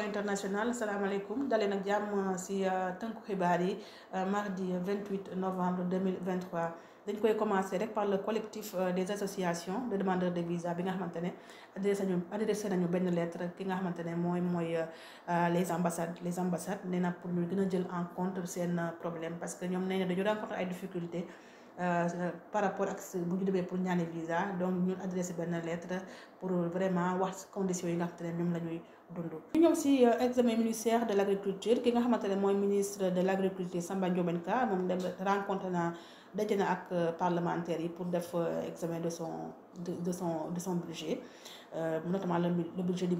Soir International salaamaaleykum daleen ak jàmm si euh, tënku xibaar yi euh, mardi 28 novembre 2023 dañ koy commencer rek par le collectif euh, des associations de demandeurs de visa bi nga xamante ne adressé nañu adressé nañu benn lettre ki nga xamante ne mooy mooy les ambassades les ambassades nee na pour ñu gën jël en compte seen problème parce que ñoom nee na dañoo rencontre ay difficultés. par rapport ak bu ñu demee pour ñaani visa donc ñun adressé benn lettre pour vraiment wax conditions yi nga xamante ñoom la ñuy dund ñu ñëw si euh, examen de l' agriculture ki mooy ministre de l' agriculture Samba Ndiobène Ka moom dem rencontré na daje na ak euh, yi pour def euh, examen de son de son de son budget notamment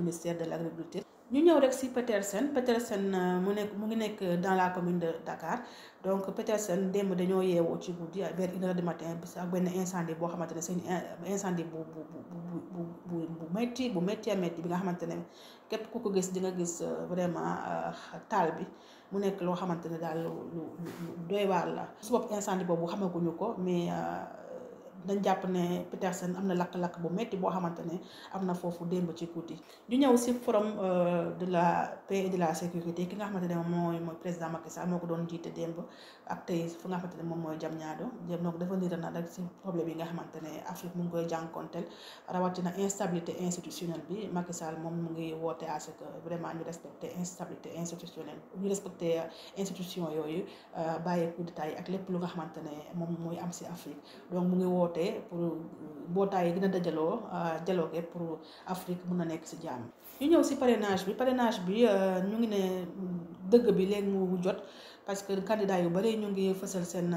ministère de l' agriculture ñu ñëw rek si Petersen Petersen mu nekk mu ngi nekk dans la commune de Dakar donc Petersen démb dañoo yeewoo ci guddi vers une heure du matin ak benn incendie boo xamante ne seen incendie bu bu bu bu bu bu métti bu métti bi nga xamante ne képp ku ko gis di gis euh, vraiment euh, taal bi mu nekk loo xamante ne daal lu lu doy waar la. su bopp incendie boobu xamaguñu ko mais. Euh, dañ jàpp ne Petersen am na lakk-lakk bu metti boo xamante ne am na foofu démb ci guddi ñu ñëw si forum euh, de la paix et de la sécurité ki nga xamante ne mooy mooy président Macky Sall moo ko doon jiite démb ak tey fu nga moom mooy jam ñaado jëm donc dafa na rek si problème yi nga xamante ne Afrique mu ngi koy jànkonteel rawatina instabilité institutionnelle bi Macky Sall moom mu ngi woote à ce que vraiment ñu respecté instabilité institutionnelle ñu respecté institution yooyu euh, bàyyi coup d'état yi ak lépp lu nga xamante ne moom mooy am si Afrique donc mu ngi woote woote pour euh, mbootaay yi gën a dajaloo euh, dialogue pour Afrique mun a nekk si jàmm. ñu ñëw si parrainage bi parrainage bi euh, ñu ngi ne mm, dëgg bi léegi mu jot parce que candidat yu bari ñu ngi fësal seen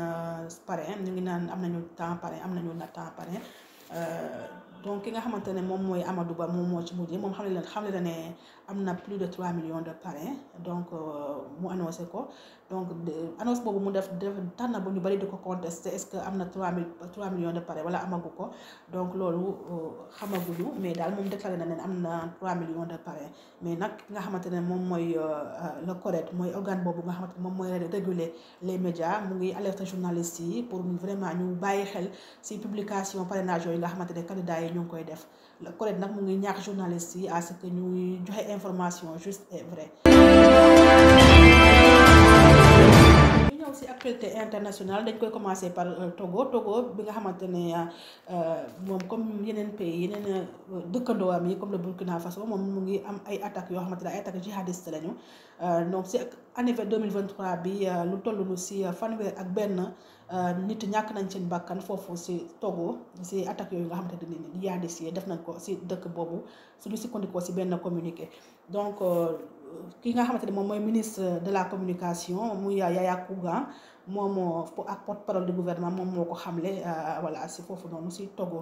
parrain ñu ngi naan am nañu temps parrain am nañu na temps parrain. donc ki nga xamante ne moom mooy Amadou Ba moom moo ci mujj moom xam leen xam leen ne am na plus de 3 millions de parrains donc euh, mu annoncé ko donc annonce boobu mu def def tax na ba ñu bari di ko contesté est-ce que am na 3 mille 3 millions de parrains wala amagu ko donc loolu euh, xamaguñu mais daal moom déclaré na ne am na 3 millions de parrains mais nag ki nga xamante ne moom mooy euh, le CORED mooy organe boobu nga xamante ne moom mooy réguler les médias mu ngi alerter journalistes yi pour vraiment ñu bàyyi xel ci publication parrainage yooyu nga xamante ne candidat yi ñu ngi koy def le collègue nag mu ngi ñaax journaliste yi à ce que ñuy joxe information juste et vrai jàll si actualité internationale dañ koy commencé par euh, Togo Togo bi nga xamante ne euh, euh, moom comme yeneen pays yeneen dëkkandoo am yi comme le Burkina Faso moom mu ngi am ay attaques yoo xamante ne ay attaques jihadistes lañu donc si année 2023 bi lu toll nu si fanweer ak benn nit ñàkk nañ seen bakkan foofu si Togo si attaques yooyu nga xamante ne jihadistes yi def nañ ko si dëkk boobu suñu sukkandikoo si benn communiqué donc. ki nga xamante ne moom mooy ministre de la communication muy Yaya Kougan moom moo ak porte-parole moom moo ko xamle euh, voilà si foofu noonu si Togo.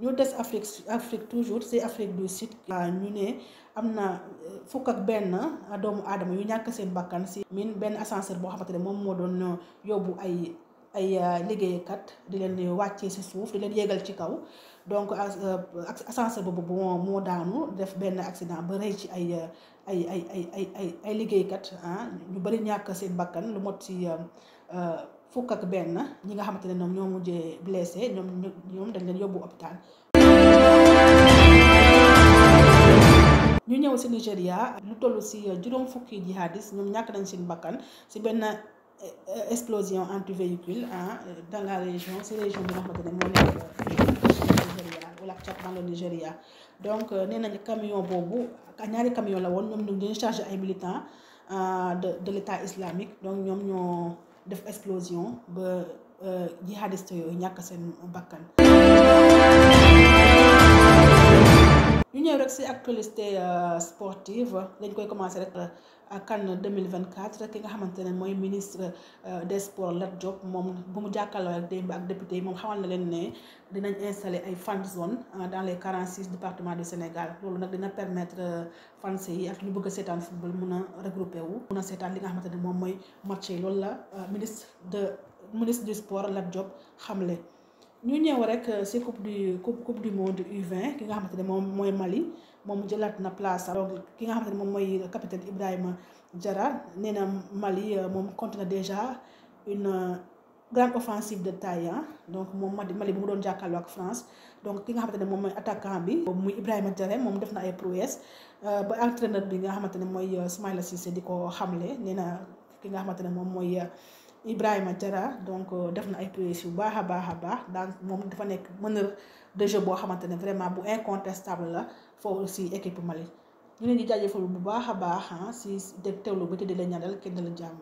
ñu des Afrique Afrique toujours si Afrique du Sud ñu ne am na euh, fukk ak benn doomu adama yu ñàkk seen bàkkan si min benn ascenseur boo xamante ne moom moo doon yóbbu ay ay euh, liggéeykat di leen wàccee si suuf di leen yéegal ci kaw donc euh, ascenseur boobu moo moo daanu def benn accident ba rëy ci ay euh, ay ay ay ay ay liggéeykat ah, ñu bëri ñàkk seen bakkan lu mot ci euh, fukk ak benn ñi nga xamante ne ñoom ñoo mujjee blessé ñoom dañ leen yóbbu hôpital. ñu ñëw si Nigéria lu toll si juróom fukki jihadis ñoom ñàkk nañ seen bakkan si benn explosion anti véhicule ah dans la région si région bi nga xamante ne moo nekk. Nigeria wala ak Tchad dans le Nigeria donc euh, nee nañu camion boobu ñaari camion la woon ñoom ay militants euh, de de l'état islamique donc ñoom ñoo def explosion ba euh, jihadiste yooyu ñàkk seen bakkan. ñu ñëw rek ci actualité sportive dañ koy commencer rek. kan 2024 ki nga xamante ne mooy ministre euh, des sports Lat Diop moom bu mu jàkkaarloo démb ak député yi moom xamal na leen ne dinañ installer ay fan zone euh, dans les 46 départements du Sénégal loolu nag dina permettre euh, fans yi ak ñu bëgg a seetaan football mun a regrouper wu mun a seetaan li nga xamante ne moom mooy match yi loolu la ministre de ministre du sport Lat xam le ñu ñëw rek si coupe du coupe coupe du monde u ki nga xamante ne moom mooy Mali moom jëlaat na place am donc ki nga xamante ne moom mooy capitaine Ibrahima Diarra nee na Mali euh, moom compte na déjà une euh, grande offensive de taille donc moom Mali bu mu doon jàkkaarloo ak France donc ki nga xamante ne moom mooy attaquant bi muy Ibrahima Diarra moom def na ay prouesses euh, ba entraîneur bi nga xamante ne mooy Ismaïla Cissé di ko xamle nee na ki nga xamante ne moom mooy. Ibrahima Diarra donc euh, def na ay prouesses yu baax a baax a baax donc moom dafa nekk mën na jeu boo xamante ne vraiment bu incontestable la foofu si équipe Mali ñu leen di jaajëfal bu baax a baax ah, si dégg teewlu ba te di la ñaanal kenn la jàmm.